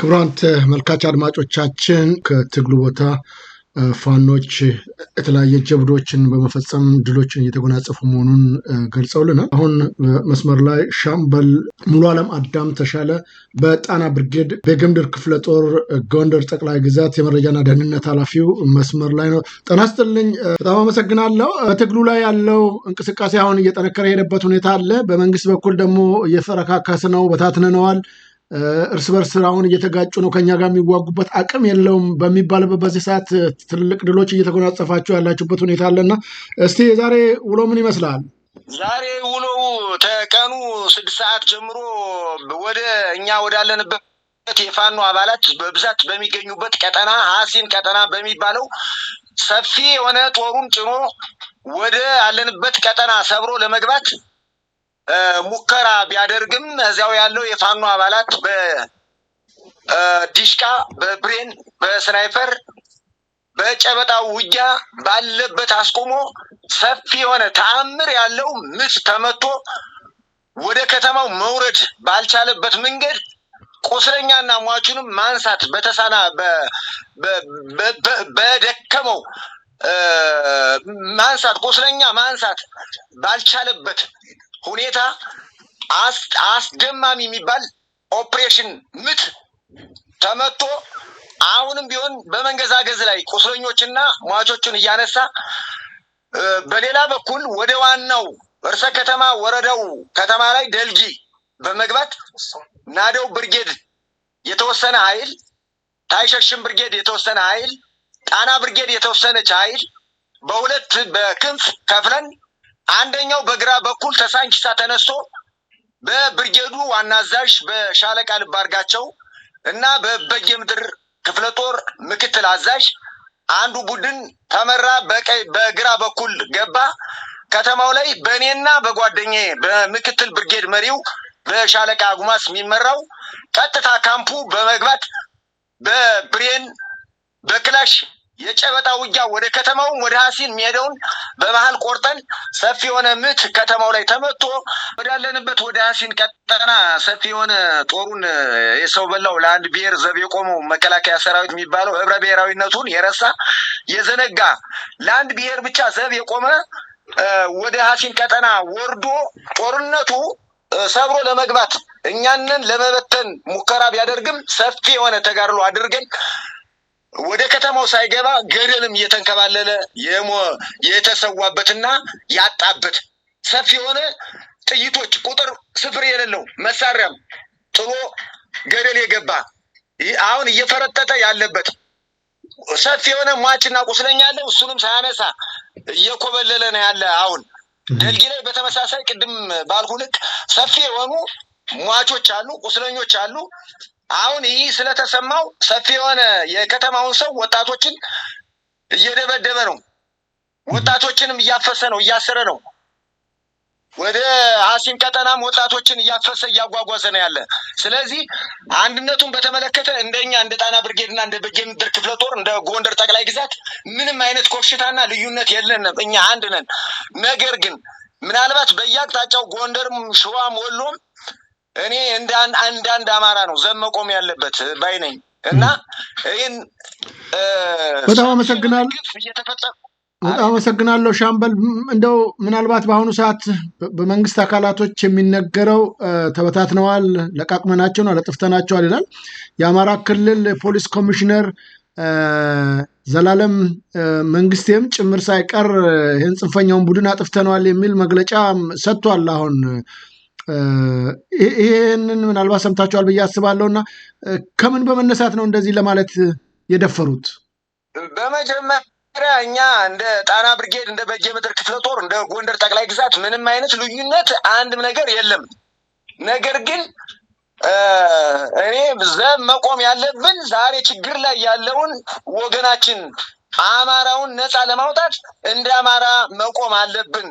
ክቡራን ተመልካች አድማጮቻችን ከትግሉ ቦታ ፋኖች የተለያየ ጀብዶችን በመፈጸም ድሎችን እየተጎናጸፉ መሆኑን ገልጸውልናል። አሁን መስመር ላይ ሻምበል ሙሉ ዓለም አዳም ተሻለ በጣና ብርጌድ በገምድር ክፍለ ጦር ጎንደር ጠቅላይ ግዛት የመረጃና ደህንነት ኃላፊው መስመር ላይ ነው። ጤና ይስጥልኝ፣ በጣም አመሰግናለሁ። በትግሉ ላይ ያለው እንቅስቃሴ አሁን እየጠነከረ የሄደበት ሁኔታ አለ። በመንግስት በኩል ደግሞ እየፈረካከስ ነው፣ በታትነነዋል እርስ በርስ አሁን እየተጋጩ ነው፣ ከኛ ጋር የሚዋጉበት አቅም የለውም በሚባልበት በዚህ ሰዓት ትልልቅ ድሎች እየተጎናጸፋችሁ ያላችሁበት ሁኔታ አለና እስቲ የዛሬ ውሎ ምን ይመስላል? ዛሬ ውሎው ተቀኑ ስድስት ሰዓት ጀምሮ ወደ እኛ ወዳለንበት የፋኖ አባላት በብዛት በሚገኙበት ቀጠና ሀሲን ቀጠና በሚባለው ሰፊ የሆነ ጦሩን ጭኖ ወደ አለንበት ቀጠና ሰብሮ ለመግባት ሙከራ ቢያደርግም እዚያው ያለው የፋኖ አባላት በዲሽቃ፣ በብሬን፣ በስናይፐር፣ በጨበጣው ውጊያ ባለበት አስቆሞ ሰፊ የሆነ ተአምር ያለው ምት ተመቶ ወደ ከተማው መውረድ ባልቻለበት መንገድ ቁስለኛና ሟቹንም ማንሳት በተሳና በደከመው ማንሳት ቁስለኛ ማንሳት ባልቻለበት ሁኔታ አስደማሚ የሚባል ኦፕሬሽን ምት ተመቶ አሁንም ቢሆን በመንገዛገዝ ላይ ቁስለኞችና ሟቾቹን እያነሳ በሌላ በኩል ወደ ዋናው እርሰ ከተማ ወረዳው ከተማ ላይ ደልጊ በመግባት ናደው ብርጌድ የተወሰነ ኃይል፣ ታይሸሽን ብርጌድ የተወሰነ ኃይል፣ ጣና ብርጌድ የተወሰነች ኃይል በሁለት በክንፍ ከፍለን አንደኛው በግራ በኩል ተሳንኪሳ ተነስቶ በብርጌዱ ዋና አዛዥ በሻለቃ ልባርጋቸው እና በበጌ ክፍለ ጦር ምክትል አዛዥ አንዱ ቡድን ተመራ በቀይ በግራ በኩል ገባ። ከተማው ላይ በእኔና በጓደኛዬ በምክትል ብርጌድ መሪው በሻለቃ አጉማስ የሚመራው ቀጥታ ካምፑ በመግባት በብሬን በክላሽ የጨበጣ ውጊያ ወደ ከተማውም ወደ ሀሲን የሚሄደውን በመሀል ቆርጠን ሰፊ የሆነ ምት ከተማው ላይ ተመቶ ወዳለንበት ወደ ሀሲን ቀጠና ሰፊ የሆነ ጦሩን የሰው በላው ለአንድ ብሔር ዘብ የቆመው መከላከያ ሰራዊት የሚባለው ህብረ ብሔራዊነቱን የረሳ የዘነጋ ለአንድ ብሔር ብቻ ዘብ የቆመ ወደ ሀሲን ቀጠና ወርዶ ጦርነቱ ሰብሮ ለመግባት እኛንን ለመበተን ሙከራ ቢያደርግም ሰፊ የሆነ ተጋድሎ አድርገን ወደ ከተማው ሳይገባ ገደልም እየተንከባለለ የተሰዋበትና ያጣበት ሰፊ የሆነ ጥይቶች ቁጥር ስፍር የሌለው መሳሪያም ጥሎ ገደል የገባ አሁን እየፈረጠጠ ያለበት ሰፊ የሆነ ሟችና ቁስለኛ ያለው እሱንም ሳያነሳ እየኮበለለ ነው ያለ። አሁን ደልጊ ላይ በተመሳሳይ ቅድም ባልኩ ልክ ሰፊ የሆኑ ሟቾች አሉ፣ ቁስለኞች አሉ። አሁን ይህ ስለተሰማው ሰፊ የሆነ የከተማውን ሰው ወጣቶችን እየደበደበ ነው። ወጣቶችንም እያፈሰ ነው፣ እያሰረ ነው። ወደ አሲን ቀጠናም ወጣቶችን እያፈሰ እያጓጓዘ ነው ያለ። ስለዚህ አንድነቱን በተመለከተ እንደኛ እንደ ጣና ብርጌድና እንደ ምድር ክፍለ ጦር እንደ ጎንደር ጠቅላይ ግዛት ምንም አይነት ኮሽታና ልዩነት የለንም። እኛ አንድ ነን። ነገር ግን ምናልባት በየአቅጣጫው ጎንደርም፣ ሸዋም፣ ወሎም እኔ እንደ አንዳንድ አማራ ነው ዘብ መቆም ያለበት ባይ ነኝ እና ይህን በጣም አመሰግናለሁ። በጣም አመሰግናለሁ ሻምበል። እንደው ምናልባት በአሁኑ ሰዓት በመንግስት አካላቶች የሚነገረው ተበታትነዋል፣ ለቃቅመናቸው ነው ለጥፍተናቸዋል ይላል የአማራ ክልል ፖሊስ ኮሚሽነር ዘላለም መንግስቴም ጭምር ሳይቀር ይህን ጽንፈኛውን ቡድን አጥፍተነዋል የሚል መግለጫ ሰጥቷል አሁን ይሄንን ምናልባት ሰምታችኋል ብዬ አስባለሁ። እና ከምን በመነሳት ነው እንደዚህ ለማለት የደፈሩት? በመጀመሪያ እኛ እንደ ጣና ብርጌድ፣ እንደ በጌ ምድር ክፍለ ጦር፣ እንደ ጎንደር ጠቅላይ ግዛት ምንም አይነት ልዩነት አንድም ነገር የለም። ነገር ግን እኔ ዘብ መቆም ያለብን ዛሬ ችግር ላይ ያለውን ወገናችን አማራውን ነፃ ለማውጣት እንደ አማራ መቆም አለብን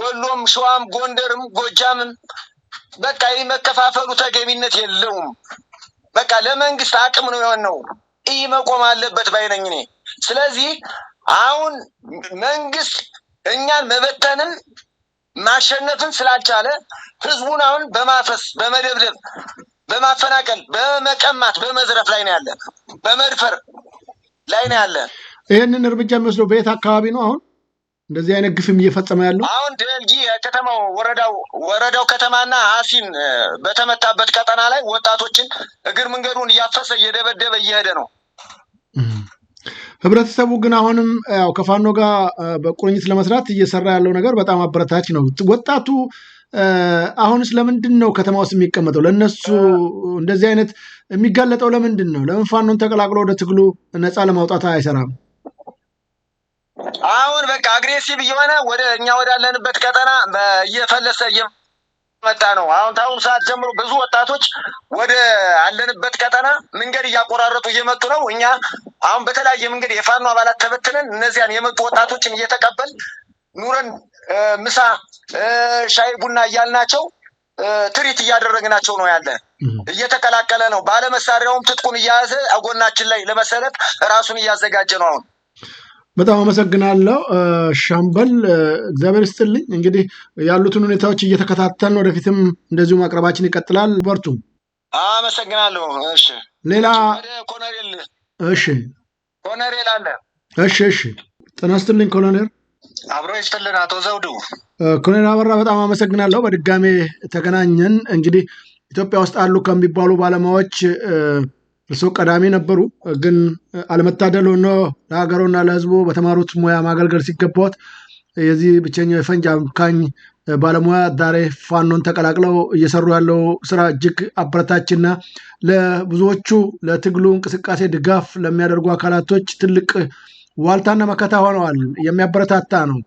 ወሎም፣ ሸዋም፣ ጎንደርም ጎጃምም በቃ ይህ መከፋፈሉ ተገቢነት የለውም። በቃ ለመንግስት አቅም ነው የሆነው። ይህ መቆም አለበት ባይነኝ እኔ። ስለዚህ አሁን መንግስት እኛን መበተንም ማሸነፍን ስላልቻለ ህዝቡን አሁን በማፈስ በመደብደብ በማፈናቀል በመቀማት በመዝረፍ ላይ ነው ያለ፣ በመድፈር ላይ ነው ያለ። ይህንን እርምጃ የሚወስደው በየት አካባቢ ነው አሁን? እንደዚህ አይነት ግፍም እየፈጸመ ያለው አሁን ድልጊ ከተማው ወረዳው ወረዳው ከተማና አሲን በተመታበት ቀጠና ላይ ወጣቶችን እግር መንገዱን እያፈሰ እየደበደበ እየሄደ ነው። ህብረተሰቡ ግን አሁንም ያው ከፋኖ ጋር በቁርኝት ለመስራት እየሰራ ያለው ነገር በጣም አበረታች ነው። ወጣቱ አሁንስ ለምንድን ነው ከተማ ውስጥ የሚቀመጠው? ለእነሱ እንደዚህ አይነት የሚጋለጠው ለምንድን ነው? ለምን ፋኖን ተቀላቅሎ ወደ ትግሉ ነፃ ለማውጣት አይሰራም? አሁን በቃ አግሬሲቭ እየሆነ ወደ እኛ ወዳለንበት ቀጠና እየፈለሰ እየመጣ ነው። አሁን ታሁኑ ሰዓት ጀምሮ ብዙ ወጣቶች ወደ አለንበት ቀጠና መንገድ እያቆራረጡ እየመጡ ነው። እኛ አሁን በተለያየ መንገድ የፋኖ አባላት ተበትነን እነዚያን የመጡ ወጣቶችን እየተቀበል ኑረን ምሳ፣ ሻይ፣ ቡና እያልናቸው ትሪት እያደረግናቸው ነው ያለ እየተቀላቀለ ነው። ባለመሳሪያውም ትጥቁን እያያዘ አጎናችን ላይ ለመሰረት ራሱን እያዘጋጀ ነው አሁን በጣም አመሰግናለሁ ሻምበል እግዚአብሔር ይስጥልኝ። እንግዲህ ያሉትን ሁኔታዎች እየተከታተልን ወደፊትም እንደዚሁ ማቅረባችን ይቀጥላል። በርቱ። አመሰግናለሁ። እሺ፣ ሌላ ኮሎኔል። እሺ፣ ኮሎኔል አለ። እሺ፣ እሺ፣ ጤና ይስጥልኝ ኮሎኔል። አብሮ ይስጥልን አቶ ዘውዱ። ኮሎኔል አበራ በጣም አመሰግናለሁ። በድጋሜ ተገናኘን። እንግዲህ ኢትዮጵያ ውስጥ አሉ ከሚባሉ ባለሙያዎች እርስዎ ቀዳሚ ነበሩ፣ ግን አለመታደል ሆኖ ለሀገሮና ለህዝቡ በተማሩት ሙያ ማገልገል ሲገባዎት የዚህ ብቸኛው የፈንጅ አምካኝ ባለሙያ ዛሬ ፋኖን ተቀላቅለው እየሰሩ ያለው ስራ እጅግ አበረታችና ለብዙዎቹ ለትግሉ እንቅስቃሴ ድጋፍ ለሚያደርጉ አካላቶች ትልቅ ዋልታና መከታ ሆነዋል። የሚያበረታታ ነው።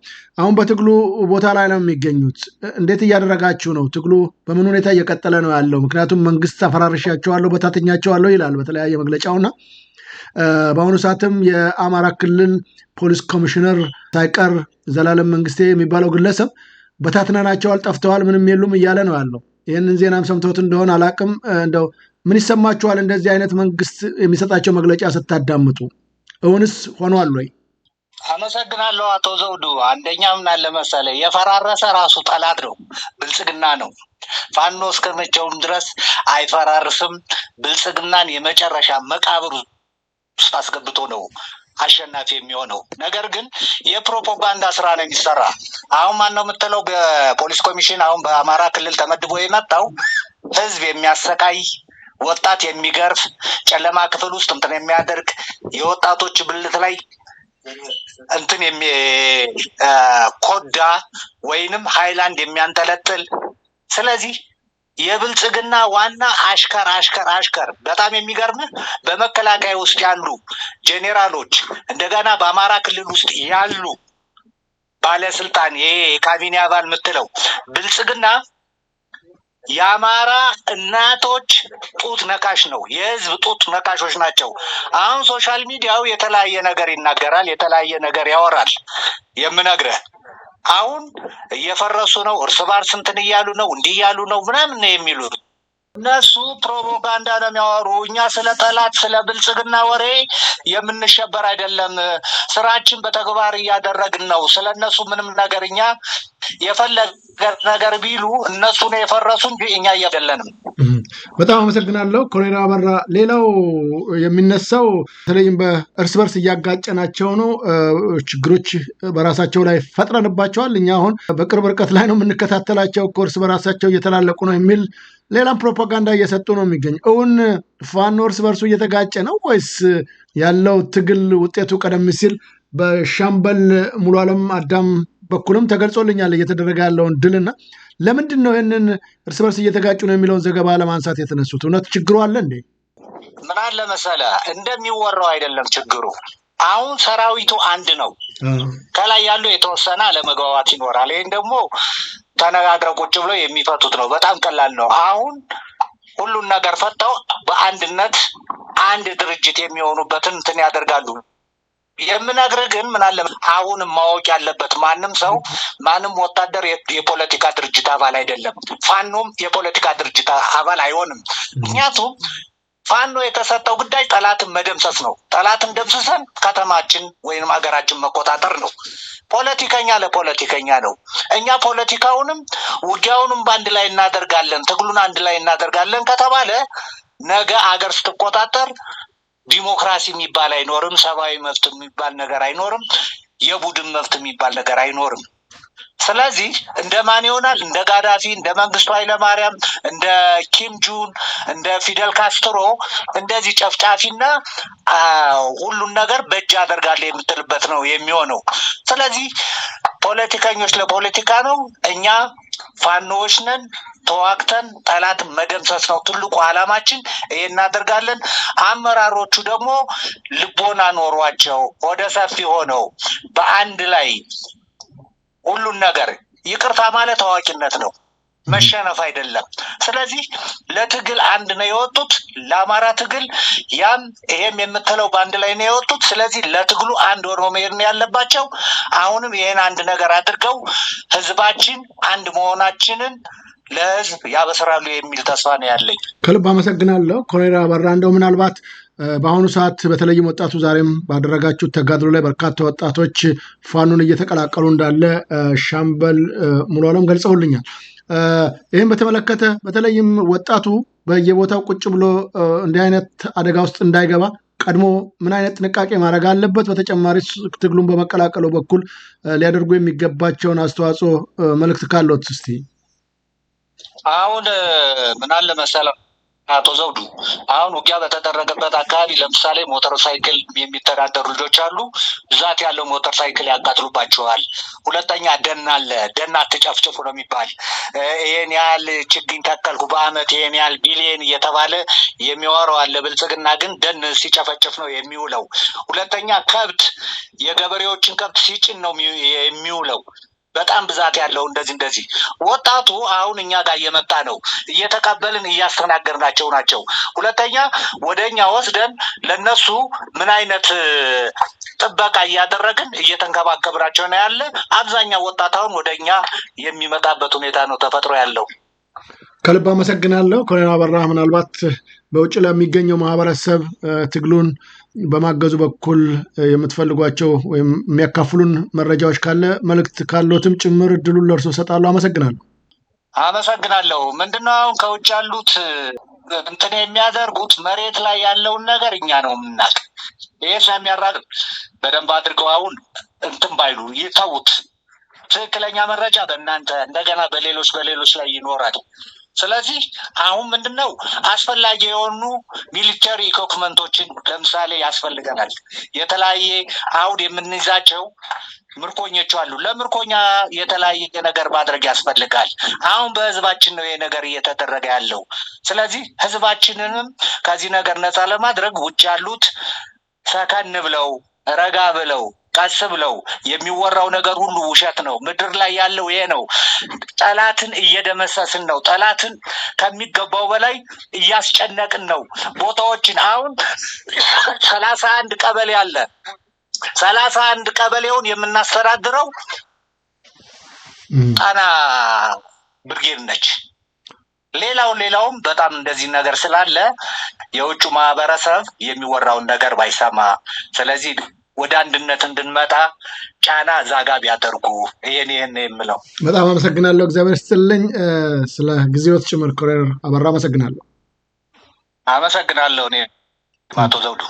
አሁን በትግሉ ቦታ ላይ ነው የሚገኙት። እንዴት እያደረጋችሁ ነው? ትግሉ በምን ሁኔታ እየቀጠለ ነው ያለው? ምክንያቱም መንግስት አፈራርሻቸዋለሁ፣ በታተኛቸዋለሁ ይላል በተለያየ መግለጫውና በአሁኑ ሰዓትም የአማራ ክልል ፖሊስ ኮሚሽነር ሳይቀር ዘላለም መንግስቴ የሚባለው ግለሰብ በታትነናቸዋል፣ ጠፍተዋል፣ ምንም የሉም እያለ ነው ያለው። ይህንን ዜናም ሰምተውት እንደሆን አላቅም። እንደው ምን ይሰማችኋል? እንደዚህ አይነት መንግስት የሚሰጣቸው መግለጫ ስታዳምጡ እውንስ ሆኗል ወይ? አመሰግናለሁ አቶ ዘውዱ። አንደኛ ምን አለ መሰለህ የፈራረሰ ራሱ ጠላት ነው፣ ብልጽግና ነው። ፋኖ እስከ መቼውም ድረስ አይፈራርስም። ብልጽግናን የመጨረሻ መቃብር ውስጥ አስገብቶ ነው አሸናፊ የሚሆነው። ነገር ግን የፕሮፓጋንዳ ስራ ነው የሚሰራ። አሁን ማን ነው የምትለው? በፖሊስ ኮሚሽን አሁን በአማራ ክልል ተመድቦ የመጣው ህዝብ የሚያሰቃይ ወጣት የሚገርፍ ጨለማ ክፍል ውስጥ እንትን የሚያደርግ የወጣቶች ብልት ላይ እንትን ኮዳ ወይንም ሃይላንድ የሚያንጠለጥል። ስለዚህ የብልጽግና ዋና አሽከር አሽከር አሽከር በጣም የሚገርም በመከላከያ ውስጥ ያሉ ጄኔራሎች እንደገና በአማራ ክልል ውስጥ ያሉ ባለስልጣን ይሄ የካቢኔ አባል የምትለው ብልጽግና የአማራ እናቶች ጡት ነካሽ ነው። የህዝብ ጡት ነካሾች ናቸው። አሁን ሶሻል ሚዲያው የተለያየ ነገር ይናገራል፣ የተለያየ ነገር ያወራል። የምነግረህ አሁን እየፈረሱ ነው፣ እርስ በርስ እንትን እያሉ ነው፣ እንዲህ እያሉ ነው ምናምን የሚሉት እነሱ ፕሮፓጋንዳ ነው የሚያወሩ። እኛ ስለ ጠላት ስለ ብልጽግና ወሬ የምንሸበር አይደለም። ስራችን በተግባር እያደረግን ነው። ስለ እነሱ ምንም ነገር እኛ የፈለግ ነገር ቢሉ እነሱ ነው የፈረሱ እንጂ እኛ እያደለንም። በጣም አመሰግናለሁ ኮሎኔል አበራ። ሌላው የሚነሳው በተለይም በእርስ በርስ እያጋጨናቸው ነው፣ ችግሮች በራሳቸው ላይ ፈጥረንባቸዋል። እኛ አሁን በቅርብ ርቀት ላይ ነው የምንከታተላቸው እኮ እርስ በራሳቸው እየተላለቁ ነው የሚል ሌላም ፕሮፓጋንዳ እየሰጡ ነው የሚገኝ። እውን ፋኖ እርስ በርሱ እየተጋጨ ነው ወይስ ያለው ትግል ውጤቱ ቀደም ሲል በሻምበል ሙሉ አለም አዳም በኩልም ተገልጾልኛል እየተደረገ ያለውን ድልና ለምንድን ነው ይህንን እርስ በርስ እየተጋጩ ነው የሚለውን ዘገባ ለማንሳት የተነሱት? እውነት ችግሩ አለ እንዴ? ምን አለ እንደሚወራው አይደለም ችግሩ። አሁን ሰራዊቱ አንድ ነው። ከላይ ያለው የተወሰነ አለመግባባት ይኖራል። ይህን ደግሞ ተነጋግረው ቁጭ ብሎ የሚፈቱት ነው። በጣም ቀላል ነው። አሁን ሁሉን ነገር ፈተው በአንድነት አንድ ድርጅት የሚሆኑበትን እንትን ያደርጋሉ። የምነግር ግን ምን አለ አሁን ማወቅ ያለበት ማንም ሰው ማንም ወታደር የፖለቲካ ድርጅት አባል አይደለም። ፋኖም የፖለቲካ ድርጅት አባል አይሆንም። ምክንያቱም ፋኖ የተሰጠው ጉዳይ ጠላትን መደምሰስ ነው። ጠላትን ደምስሰን ከተማችን ወይም ሀገራችን መቆጣጠር ነው። ፖለቲከኛ ለፖለቲከኛ ነው። እኛ ፖለቲካውንም ውጊያውንም በአንድ ላይ እናደርጋለን፣ ትግሉን አንድ ላይ እናደርጋለን ከተባለ ነገ አገር ስትቆጣጠር ዲሞክራሲ የሚባል አይኖርም። ሰብአዊ መብት የሚባል ነገር አይኖርም። የቡድን መብት የሚባል ነገር አይኖርም። ስለዚህ እንደ ማን ይሆናል? እንደ ጋዳፊ፣ እንደ መንግስቱ ኃይለማርያም፣ እንደ ኪም ጁን፣ እንደ ፊደል ካስትሮ እንደዚህ ጨፍጫፊና ሁሉን ነገር በእጅ አደርጋለሁ የምትልበት ነው የሚሆነው። ስለዚህ ፖለቲከኞች ለፖለቲካ ነው። እኛ ፋኖዎች ነን። ተዋግተን ጠላት መደምሰስ ነው ትልቁ አላማችን፣ ይህ እናደርጋለን። አመራሮቹ ደግሞ ልቦና ኖሯቸው ወደ ሰፊ ሆነው በአንድ ላይ ሁሉን ነገር ይቅርታ ማለት አዋቂነት ነው። መሸነፍ አይደለም። ስለዚህ ለትግል አንድ ነው የወጡት፣ ለአማራ ትግል ያም ይሄም የምትለው በአንድ ላይ ነው የወጡት። ስለዚህ ለትግሉ አንድ ሆኖ መሄድ ነው ያለባቸው። አሁንም ይህን አንድ ነገር አድርገው ህዝባችን አንድ መሆናችንን ለህዝብ ያበስራሉ የሚል ተስፋ ነው ያለኝ። ከልብ አመሰግናለሁ ኮሎኔል አበራ። እንደው ምናልባት በአሁኑ ሰዓት በተለይም ወጣቱ ዛሬም ባደረጋችሁት ተጋድሎ ላይ በርካታ ወጣቶች ፋኑን እየተቀላቀሉ እንዳለ ሻምበል ሙሉ አለም ገልጸውልኛል። ይህም በተመለከተ በተለይም ወጣቱ በየቦታው ቁጭ ብሎ እንዲህ አይነት አደጋ ውስጥ እንዳይገባ ቀድሞ ምን አይነት ጥንቃቄ ማድረግ አለበት? በተጨማሪ ትግሉን በመቀላቀሉ በኩል ሊያደርጉ የሚገባቸውን አስተዋጽኦ መልእክት ካለት እስቲ አሁን ምን አለ መሰለህ አቶ ዘውዱ አሁን ውጊያ በተደረገበት አካባቢ ለምሳሌ ሞተር ሳይክል የሚተዳደሩ ልጆች አሉ። ብዛት ያለው ሞተር ሳይክል ያቃጥሉባቸዋል። ሁለተኛ ደን አለ። ደን አትጨፍጭፉ ነው የሚባል። ይሄን ያህል ችግኝ ተከልኩ በአመት ይሄን ያህል ቢሊየን እየተባለ የሚወራው አለ። ብልጽግና ግን ደን ሲጨፈጭፍ ነው የሚውለው። ሁለተኛ ከብት የገበሬዎችን ከብት ሲጭን ነው የሚውለው። በጣም ብዛት ያለው እንደዚህ እንደዚህ ወጣቱ አሁን እኛ ጋር እየመጣ ነው፣ እየተቀበልን እያስተናገድናቸው ናቸው። ሁለተኛ ወደ እኛ ወስደን ለነሱ ምን አይነት ጥበቃ እያደረግን እየተንከባከብናቸው ነው ያለ። አብዛኛው ወጣት አሁን ወደ እኛ የሚመጣበት ሁኔታ ነው ተፈጥሮ ያለው። ከልብ አመሰግናለሁ ኮሎኔል አበራ። ምናልባት በውጭ ለሚገኘው ማህበረሰብ ትግሉን በማገዙ በኩል የምትፈልጓቸው ወይም የሚያካፍሉን መረጃዎች ካለ መልእክት ካለትም ጭምር እድሉን ለእርሶ ሰጣሉ። አመሰግናለሁ። አመሰግናለሁ። ምንድነው አሁን ከውጭ ያሉት እንትን የሚያደርጉት መሬት ላይ ያለውን ነገር እኛ ነው የምናቅ። ይሄ ስለሚያራቅ በደንብ አድርገው አሁን እንትን ባይሉ ይተዉት። ትክክለኛ መረጃ በእናንተ እንደገና በሌሎች በሌሎች ላይ ይኖራል። ስለዚህ አሁን ምንድን ነው አስፈላጊ የሆኑ ሚሊተሪ ኢኮክመንቶችን ለምሳሌ ያስፈልገናል። የተለያየ አውድ የምንይዛቸው ምርኮኞቹ አሉ። ለምርኮኛ የተለያየ ነገር ማድረግ ያስፈልጋል። አሁን በህዝባችን ነው ይሄ ነገር እየተደረገ ያለው። ስለዚህ ህዝባችንንም ከዚህ ነገር ነፃ ለማድረግ ውጭ ያሉት ሰከን ብለው ረጋ ብለው ቀስ ብለው የሚወራው ነገር ሁሉ ውሸት ነው። ምድር ላይ ያለው ይሄ ነው። ጠላትን እየደመሰስን ነው። ጠላትን ከሚገባው በላይ እያስጨነቅን ነው። ቦታዎችን አሁን ሰላሳ አንድ ቀበሌ አለ። ሰላሳ አንድ ቀበሌውን የምናስተዳድረው ጣና ብርጌድ ነች። ሌላውን ሌላውም በጣም እንደዚህ ነገር ስላለ የውጭ ማህበረሰብ የሚወራውን ነገር ባይሰማ ስለዚህ ወደ አንድነት እንድንመጣ ጫና እዛ ጋ ቢያደርጉ ይሄን ይህን የምለው። በጣም አመሰግናለሁ። እግዚአብሔር ስትልኝ ስለ ጊዜዎት ጭምር ኮሎኔል አበራ አመሰግናለሁ። አመሰግናለሁ። እኔ አቶ ዘውዱ